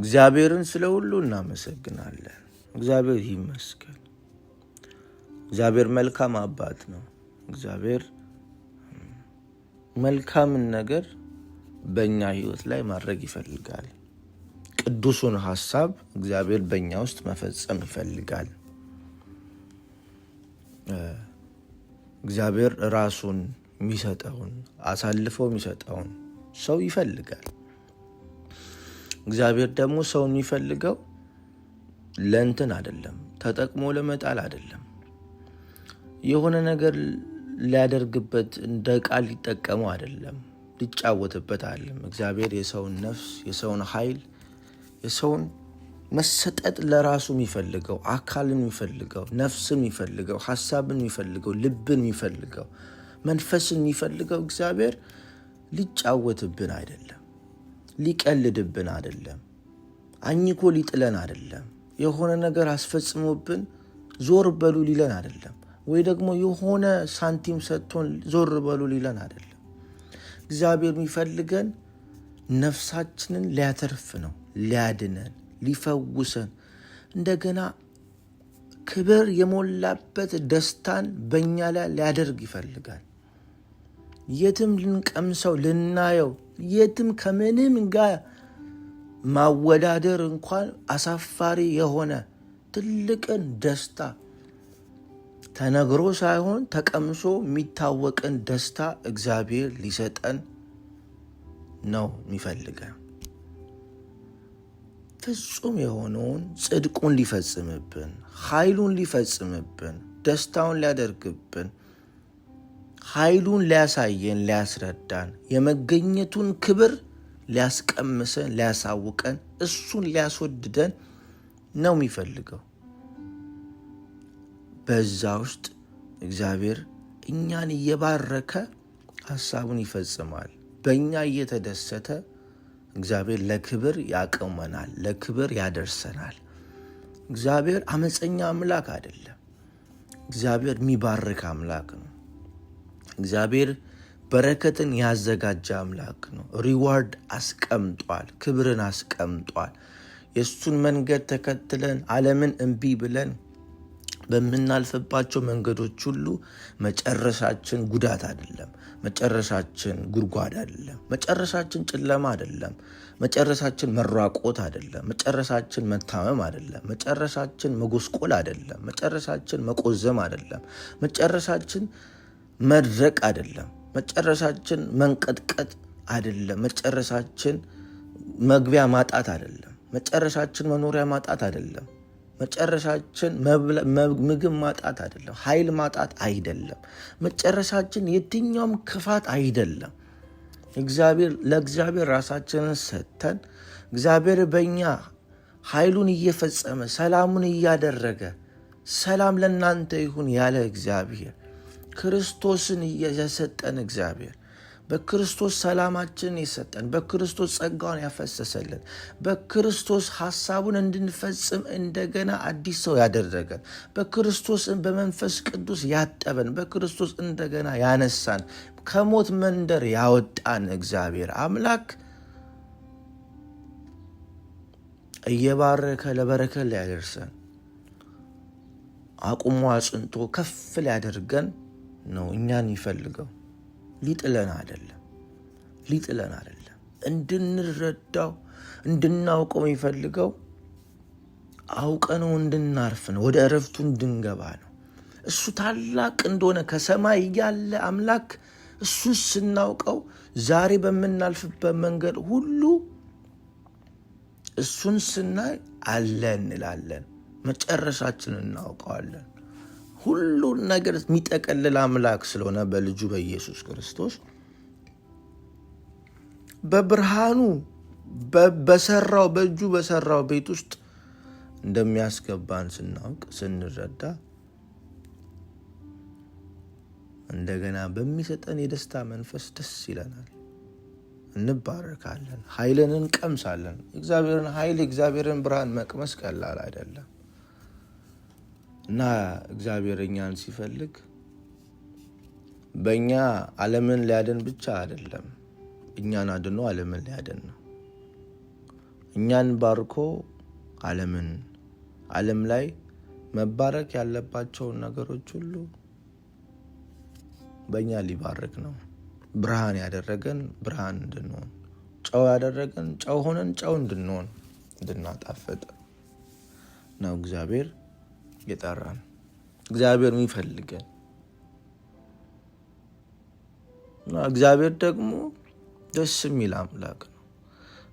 እግዚአብሔርን ስለ ሁሉ እናመሰግናለን። እግዚአብሔር ይመስገን። እግዚአብሔር መልካም አባት ነው። እግዚአብሔር መልካምን ነገር በእኛ ህይወት ላይ ማድረግ ይፈልጋል። ቅዱሱን ሀሳብ እግዚአብሔር በእኛ ውስጥ መፈጸም ይፈልጋል። እግዚአብሔር ራሱን የሚሰጠውን አሳልፎ የሚሰጠውን ሰው ይፈልጋል። እግዚአብሔር ደግሞ ሰው የሚፈልገው ለእንትን አይደለም፣ ተጠቅሞ ለመጣል አይደለም። የሆነ ነገር ሊያደርግበት እንደ ቃል ሊጠቀመው አይደለም፣ ሊጫወትበት አይደለም። እግዚአብሔር የሰውን ነፍስ፣ የሰውን ኃይል፣ የሰውን መሰጠጥ ለራሱ የሚፈልገው አካልን የሚፈልገው ነፍስን የሚፈልገው ሀሳብን የሚፈልገው ልብን የሚፈልገው መንፈስን የሚፈልገው እግዚአብሔር ሊጫወትብን አይደለም። ሊቀልድብን አይደለም፣ አኝኮ ሊጥለን አይደለም፣ የሆነ ነገር አስፈጽሞብን ዞር በሉ ሊለን አይደለም፣ ወይ ደግሞ የሆነ ሳንቲም ሰጥቶን ዞር በሉ ሊለን አይደለም። እግዚአብሔር የሚፈልገን ነፍሳችንን ሊያተርፍ ነው፣ ሊያድነን፣ ሊፈውሰን እንደገና ክብር የሞላበት ደስታን በእኛ ላይ ሊያደርግ ይፈልጋል። የትም ልንቀምሰው ልናየው የትም ከምንም ጋር ማወዳደር እንኳን አሳፋሪ የሆነ ትልቅን ደስታ ተነግሮ ሳይሆን ተቀምሶ የሚታወቅን ደስታ እግዚአብሔር ሊሰጠን ነው የሚፈልገን። ፍጹም የሆነውን ጽድቁን ሊፈጽምብን፣ ኃይሉን ሊፈጽምብን፣ ደስታውን ሊያደርግብን ኃይሉን ሊያሳየን ሊያስረዳን የመገኘቱን ክብር ሊያስቀምሰን ሊያሳውቀን እሱን ሊያስወድደን ነው የሚፈልገው። በዛ ውስጥ እግዚአብሔር እኛን እየባረከ ሀሳቡን ይፈጽማል። በእኛ እየተደሰተ እግዚአብሔር ለክብር ያቅመናል፣ ለክብር ያደርሰናል። እግዚአብሔር አመፀኛ አምላክ አይደለም። እግዚአብሔር የሚባርክ አምላክ ነው። እግዚአብሔር በረከትን ያዘጋጀ አምላክ ነው። ሪዋርድ አስቀምጧል፣ ክብርን አስቀምጧል። የእሱን መንገድ ተከትለን ዓለምን እምቢ ብለን በምናልፍባቸው መንገዶች ሁሉ መጨረሻችን ጉዳት አይደለም። መጨረሻችን ጉድጓድ አይደለም። መጨረሻችን ጨለማ አይደለም። መጨረሻችን መራቆት አይደለም። መጨረሻችን መታመም አይደለም። መጨረሻችን መጎስቆል አይደለም። መጨረሻችን መቆዘም አይደለም። መጨረሻችን መድረቅ አይደለም። መጨረሻችን መንቀጥቀጥ አይደለም። መጨረሻችን መግቢያ ማጣት አይደለም። መጨረሻችን መኖሪያ ማጣት አይደለም። መጨረሻችን ምግብ ማጣት አይደለም። ኃይል ማጣት አይደለም። መጨረሻችን የትኛውም ክፋት አይደለም። እግዚአብሔር ለእግዚአብሔር ራሳችንን ሰጥተን እግዚአብሔር በእኛ ኃይሉን እየፈጸመ ሰላሙን እያደረገ ሰላም ለእናንተ ይሁን ያለ እግዚአብሔር ክርስቶስን የሰጠን እግዚአብሔር በክርስቶስ ሰላማችንን የሰጠን በክርስቶስ ጸጋውን ያፈሰሰልን በክርስቶስ ሐሳቡን እንድንፈጽም እንደገና አዲስ ሰው ያደረገን በክርስቶስ በመንፈስ ቅዱስ ያጠበን በክርስቶስ እንደገና ያነሳን ከሞት መንደር ያወጣን እግዚአብሔር አምላክ እየባረከ ለበረከት ሊያደርሰን አቁሞ አጽንቶ ከፍ ሊያደርገን ነው እኛን ይፈልገው። ሊጥለን አይደለም፣ ሊጥለን አይደለም። እንድንረዳው እንድናውቀው ይፈልገው። አውቀነው እንድናርፍ ነው፣ ወደ እረፍቱ እንድንገባ ነው። እሱ ታላቅ እንደሆነ ከሰማይ ያለ አምላክ እሱን ስናውቀው ዛሬ በምናልፍበት መንገድ ሁሉ እሱን ስናይ አለ እንላለን። መጨረሻችን እናውቀዋለን። ሁሉን ነገር የሚጠቀልል አምላክ ስለሆነ በልጁ በኢየሱስ ክርስቶስ በብርሃኑ በሰራው በእጁ በሰራው ቤት ውስጥ እንደሚያስገባን ስናውቅ ስንረዳ እንደገና በሚሰጠን የደስታ መንፈስ ደስ ይለናል፣ እንባረካለን፣ ኃይልን እንቀምሳለን። እግዚአብሔርን ኃይል፣ እግዚአብሔርን ብርሃን መቅመስ ቀላል አይደለም። እና እግዚአብሔር እኛን ሲፈልግ በእኛ ዓለምን ሊያድን ብቻ አይደለም፣ እኛን አድኖ ዓለምን ሊያድን ነው። እኛን ባርኮ ዓለምን ዓለም ላይ መባረክ ያለባቸውን ነገሮች ሁሉ በእኛ ሊባርክ ነው። ብርሃን ያደረገን ብርሃን እንድንሆን፣ ጨው ያደረገን ጨው ሆነን ጨው እንድንሆን እንድናጣፈጥ ነው እግዚአብሔር የጠራን እግዚአብሔር የሚፈልገን እግዚአብሔር ደግሞ ደስ የሚል አምላክ ነው።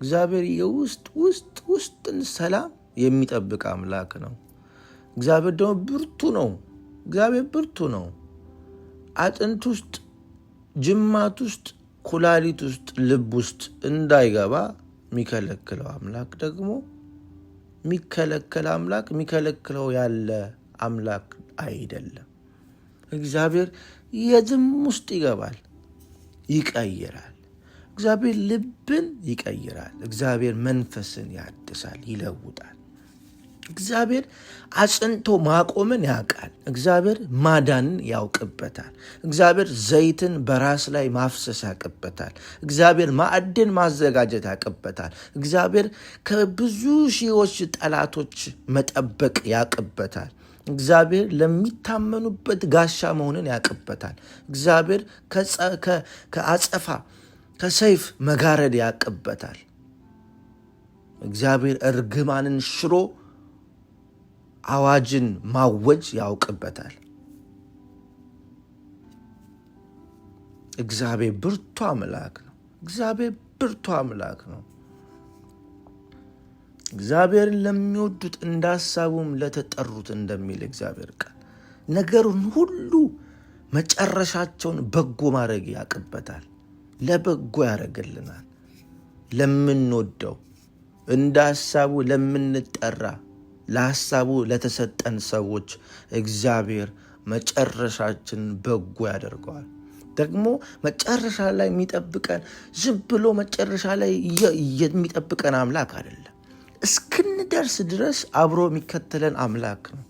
እግዚአብሔር የውስጥ ውስጥ ውስጥን ሰላም የሚጠብቅ አምላክ ነው። እግዚአብሔር ደግሞ ብርቱ ነው። እግዚአብሔር ብርቱ ነው። አጥንት ውስጥ፣ ጅማት ውስጥ፣ ኩላሊት ውስጥ፣ ልብ ውስጥ እንዳይገባ የሚከለክለው አምላክ ደግሞ የሚከለከል አምላክ የሚከለክለው ያለ አምላክ አይደለም። እግዚአብሔር የዝም ውስጥ ይገባል፣ ይቀይራል። እግዚአብሔር ልብን ይቀይራል። እግዚአብሔር መንፈስን ያድሳል፣ ይለውጣል። እግዚአብሔር አጽንቶ ማቆምን ያውቃል። እግዚአብሔር ማዳንን ያውቅበታል። እግዚአብሔር ዘይትን በራስ ላይ ማፍሰስ ያውቅበታል። እግዚአብሔር ማዕድን ማዘጋጀት ያውቅበታል። እግዚአብሔር ከብዙ ሺዎች ጠላቶች መጠበቅ ያውቅበታል። እግዚአብሔር ለሚታመኑበት ጋሻ መሆንን ያውቅበታል። እግዚአብሔር ከአጸፋ ከሰይፍ መጋረድ ያውቅበታል። እግዚአብሔር እርግማንን ሽሮ አዋጅን ማወጅ ያውቅበታል። እግዚአብሔር ብርቱ አምላክ ነው። እግዚአብሔር ብርቱ አምላክ ነው። እግዚአብሔርን ለሚወዱት እንደ ሀሳቡም ለተጠሩት እንደሚል እግዚአብሔር ቃል ነገሩን ሁሉ መጨረሻቸውን በጎ ማድረግ ያውቅበታል። ለበጎ ያደርግልናል ለምንወደው እንደ ሀሳቡ ለምንጠራ ለሐሳቡ ለተሰጠን ሰዎች እግዚአብሔር መጨረሻችን በጎ ያደርገዋል። ደግሞ መጨረሻ ላይ የሚጠብቀን ዝም ብሎ መጨረሻ ላይ የሚጠብቀን አምላክ አይደለም። እስክንደርስ ድረስ አብሮ የሚከተለን አምላክ ነው።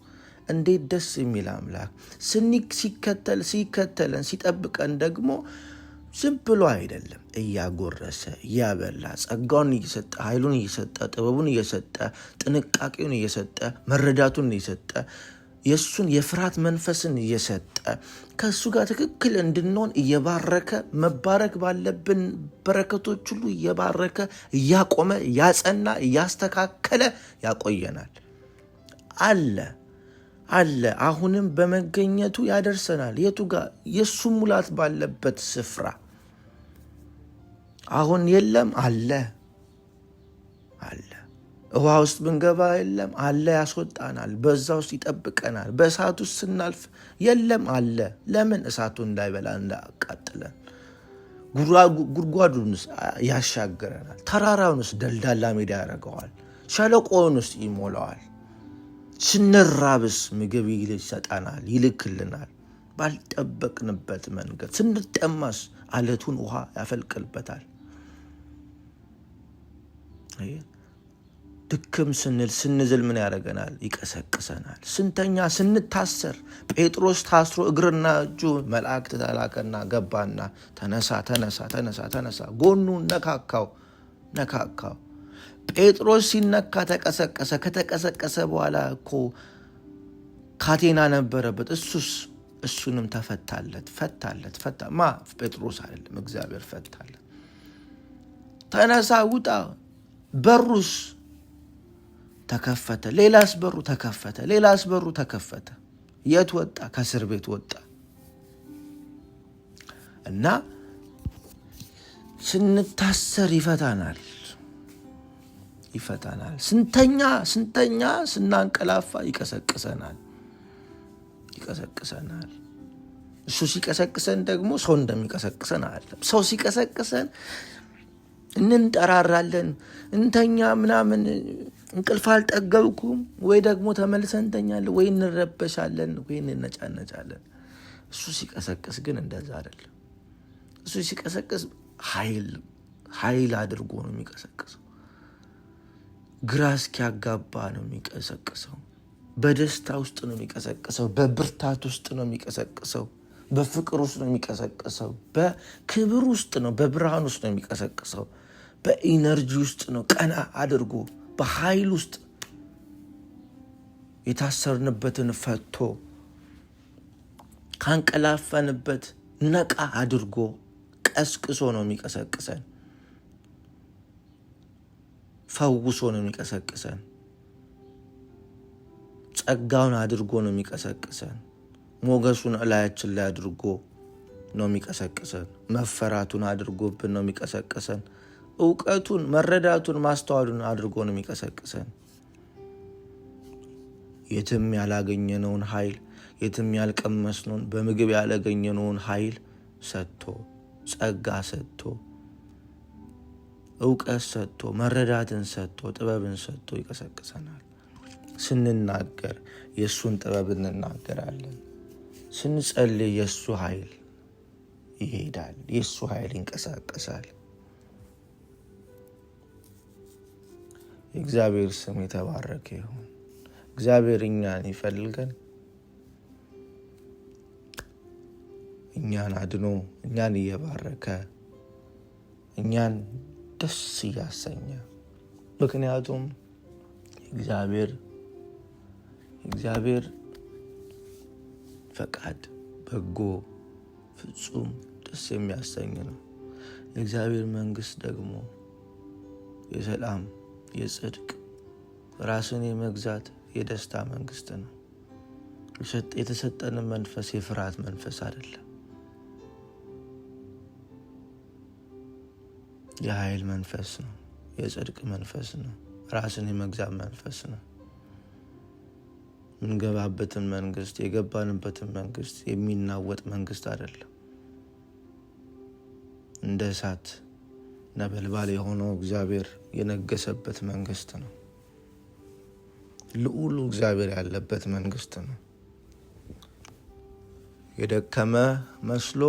እንዴት ደስ የሚል አምላክ! ሲከተል ሲከተለን ሲጠብቀን ደግሞ ዝም ብሎ አይደለም እያጎረሰ እያበላ ጸጋውን እየሰጠ ኃይሉን እየሰጠ ጥበቡን እየሰጠ ጥንቃቄውን እየሰጠ መረዳቱን እየሰጠ የእሱን የፍርሃት መንፈስን እየሰጠ ከእሱ ጋር ትክክል እንድንሆን እየባረከ መባረክ ባለብን በረከቶች ሁሉ እየባረከ እያቆመ እያጸና እያስተካከለ ያቆየናል። አለ አለ አሁንም በመገኘቱ ያደርሰናል። የቱ ጋር የእሱ ሙላት ባለበት ስፍራ አሁን የለም አለ አለ። ውሃ ውስጥ ብንገባ የለም አለ፣ ያስወጣናል። በዛ ውስጥ ይጠብቀናል። በእሳት ውስጥ ስናልፍ የለም አለ። ለምን እሳቱ እንዳይበላ እንዳቃጥለን ጉድጓዱንስ ያሻግረናል። ተራራውንስ ደልዳላ ሜዳ ያደርገዋል። ሸለቆውንስ ይሞላዋል። ስንራብስ ምግብ ይሰጠናል፣ ይልክልናል። ባልጠበቅንበት መንገድ ስንጠማስ አለቱን ውሃ ያፈልቅልበታል። ድክም ስንል ስንዝል ምን ያደርገናል? ይቀሰቅሰናል። ስንተኛ ስንታሰር፣ ጴጥሮስ ታስሮ እግርና እጁ መላእክት ተላከና ገባና ተነሳ ተነሳ ተነሳ ተነሳ፣ ጎኑ ነካካው ነካካው። ጴጥሮስ ሲነካ ተቀሰቀሰ። ከተቀሰቀሰ በኋላ እኮ ካቴና ነበረበት። እሱስ እሱንም ተፈታለት ፈታለት ፈታ ማ ጴጥሮስ አይደለም እግዚአብሔር ፈታለት። ተነሳ ውጣ በሩስ ተከፈተ፣ ሌላስ በሩ ተከፈተ፣ ሌላስ በሩ ተከፈተ። የት ወጣ? ከእስር ቤት ወጣ እና ስንታሰር ይፈታናል ይፈታናል። ስንተኛ ስንተኛ ስናንቀላፋ ይቀሰቅሰናል ይቀሰቅሰናል። እሱ ሲቀሰቅሰን ደግሞ ሰው እንደሚቀሰቅሰን አለ ሰው ሲቀሰቅሰን እንንጠራራለን፣ እንተኛ ምናምን እንቅልፍ አልጠገብኩም ወይ ደግሞ ተመልሰን እንተኛለን፣ ወይ እንረበሻለን፣ ወይ እንነጫነጫለን። እሱ ሲቀሰቅስ ግን እንደዛ አይደለም። እሱ ሲቀሰቅስ ኃይል ሀይል አድርጎ ነው የሚቀሰቅሰው። ግራ እስኪያጋባ ነው የሚቀሰቅሰው። በደስታ ውስጥ ነው የሚቀሰቅሰው። በብርታት ውስጥ ነው የሚቀሰቅሰው። በፍቅር ውስጥ ነው የሚቀሰቅሰው። በክብር ውስጥ ነው፣ በብርሃን ውስጥ ነው የሚቀሰቅሰው። በኢነርጂ ውስጥ ነው፣ ቀና አድርጎ በኃይል ውስጥ የታሰርንበትን ፈቶ ካንቀላፈንበት ነቃ አድርጎ ቀስቅሶ ነው የሚቀሰቅሰን፣ ፈውሶ ነው የሚቀሰቅሰን፣ ጸጋውን አድርጎ ነው የሚቀሰቅሰን፣ ሞገሱን እላያችን ላይ አድርጎ ነው የሚቀሰቅሰን፣ መፈራቱን አድርጎብን ነው የሚቀሰቅሰን። እውቀቱን መረዳቱን ማስተዋሉን አድርጎ ነው የሚቀሰቅሰን። የትም ያላገኘነውን ኃይል የትም ያልቀመስነውን በምግብ ያላገኘነውን ኃይል ሰጥቶ ጸጋ ሰጥቶ እውቀት ሰጥቶ መረዳትን ሰጥቶ ጥበብን ሰጥቶ ይቀሰቅሰናል። ስንናገር የእሱን ጥበብ እንናገራለን። ስንጸልይ የእሱ ኃይል ይሄዳል። የእሱ ኃይል ይንቀሳቀሳል። የእግዚአብሔር ስም የተባረከ ይሁን። እግዚአብሔር እኛን ይፈልገን፣ እኛን አድኖ እኛን እየባረከ እኛን ደስ እያሰኘ ምክንያቱም እግዚአብሔር እግዚአብሔር ፈቃድ በጎ፣ ፍጹም ደስ የሚያሰኝ ነው። የእግዚአብሔር መንግስት ደግሞ የሰላም የጽድቅ ራስን የመግዛት የደስታ መንግስት ነው። የተሰጠንም መንፈስ የፍርሃት መንፈስ አይደለም፣ የኃይል መንፈስ ነው። የጽድቅ መንፈስ ነው። ራስን የመግዛት መንፈስ ነው። የምንገባበትን መንግስት የገባንበትን መንግስት የሚናወጥ መንግስት አይደለም። እንደ እሳት ነበልባል የሆነው እግዚአብሔር የነገሰበት መንግስት ነው። ልዑሉ እግዚአብሔር ያለበት መንግስት ነው። የደከመ መስሎ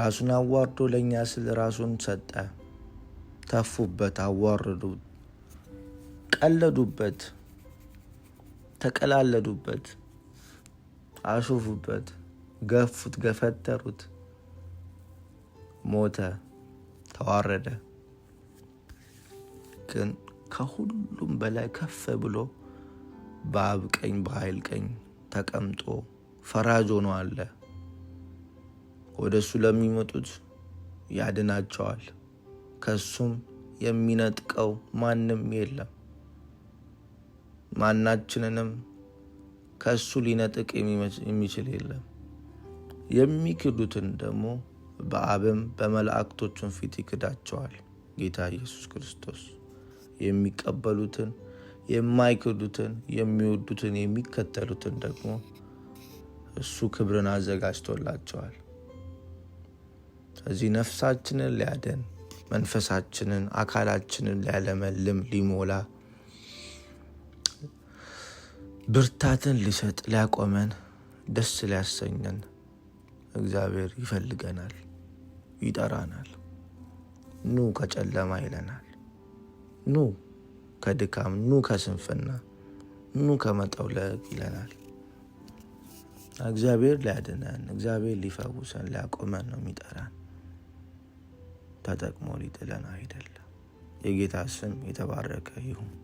ራሱን አዋርዶ ለእኛ ስል ራሱን ሰጠ። ተፉበት፣ አዋርዱ፣ ቀለዱበት፣ ተቀላለዱበት፣ አሾፉበት፣ ገፉት፣ ገፈተሩት፣ ሞተ። ተዋረደ፣ ግን ከሁሉም በላይ ከፍ ብሎ በአብ ቀኝ በኃይል ቀኝ ተቀምጦ ፈራጅ ሆኖ አለ። ወደ እሱ ለሚመጡት ያድናቸዋል፣ ከእሱም የሚነጥቀው ማንም የለም። ማናችንንም ከእሱ ሊነጥቅ የሚችል የለም። የሚክዱትን ደግሞ በአብም በመላእክቶቹም ፊት ይክዳቸዋል። ጌታ ኢየሱስ ክርስቶስ የሚቀበሉትን የማይክዱትን የሚወዱትን የሚከተሉትን ደግሞ እሱ ክብርን አዘጋጅቶላቸዋል። ስለዚህ ነፍሳችንን ሊያደን መንፈሳችንን አካላችንን ሊያለመልም ሊሞላ ብርታትን ሊሰጥ ሊያቆመን ደስ ሊያሰኘን እግዚአብሔር ይፈልገናል። ይጠራናል። ኑ ከጨለማ ይለናል። ኑ ከድካም፣ ኑ ከስንፍና፣ ኑ ከመጠውለግ ይለናል። እግዚአብሔር ሊያድነን፣ እግዚአብሔር ሊፈውሰን፣ ሊያቆመን ነው የሚጠራን ተጠቅሞ ሊጥለን አይደለም። የጌታ ስም የተባረከ ይሁን።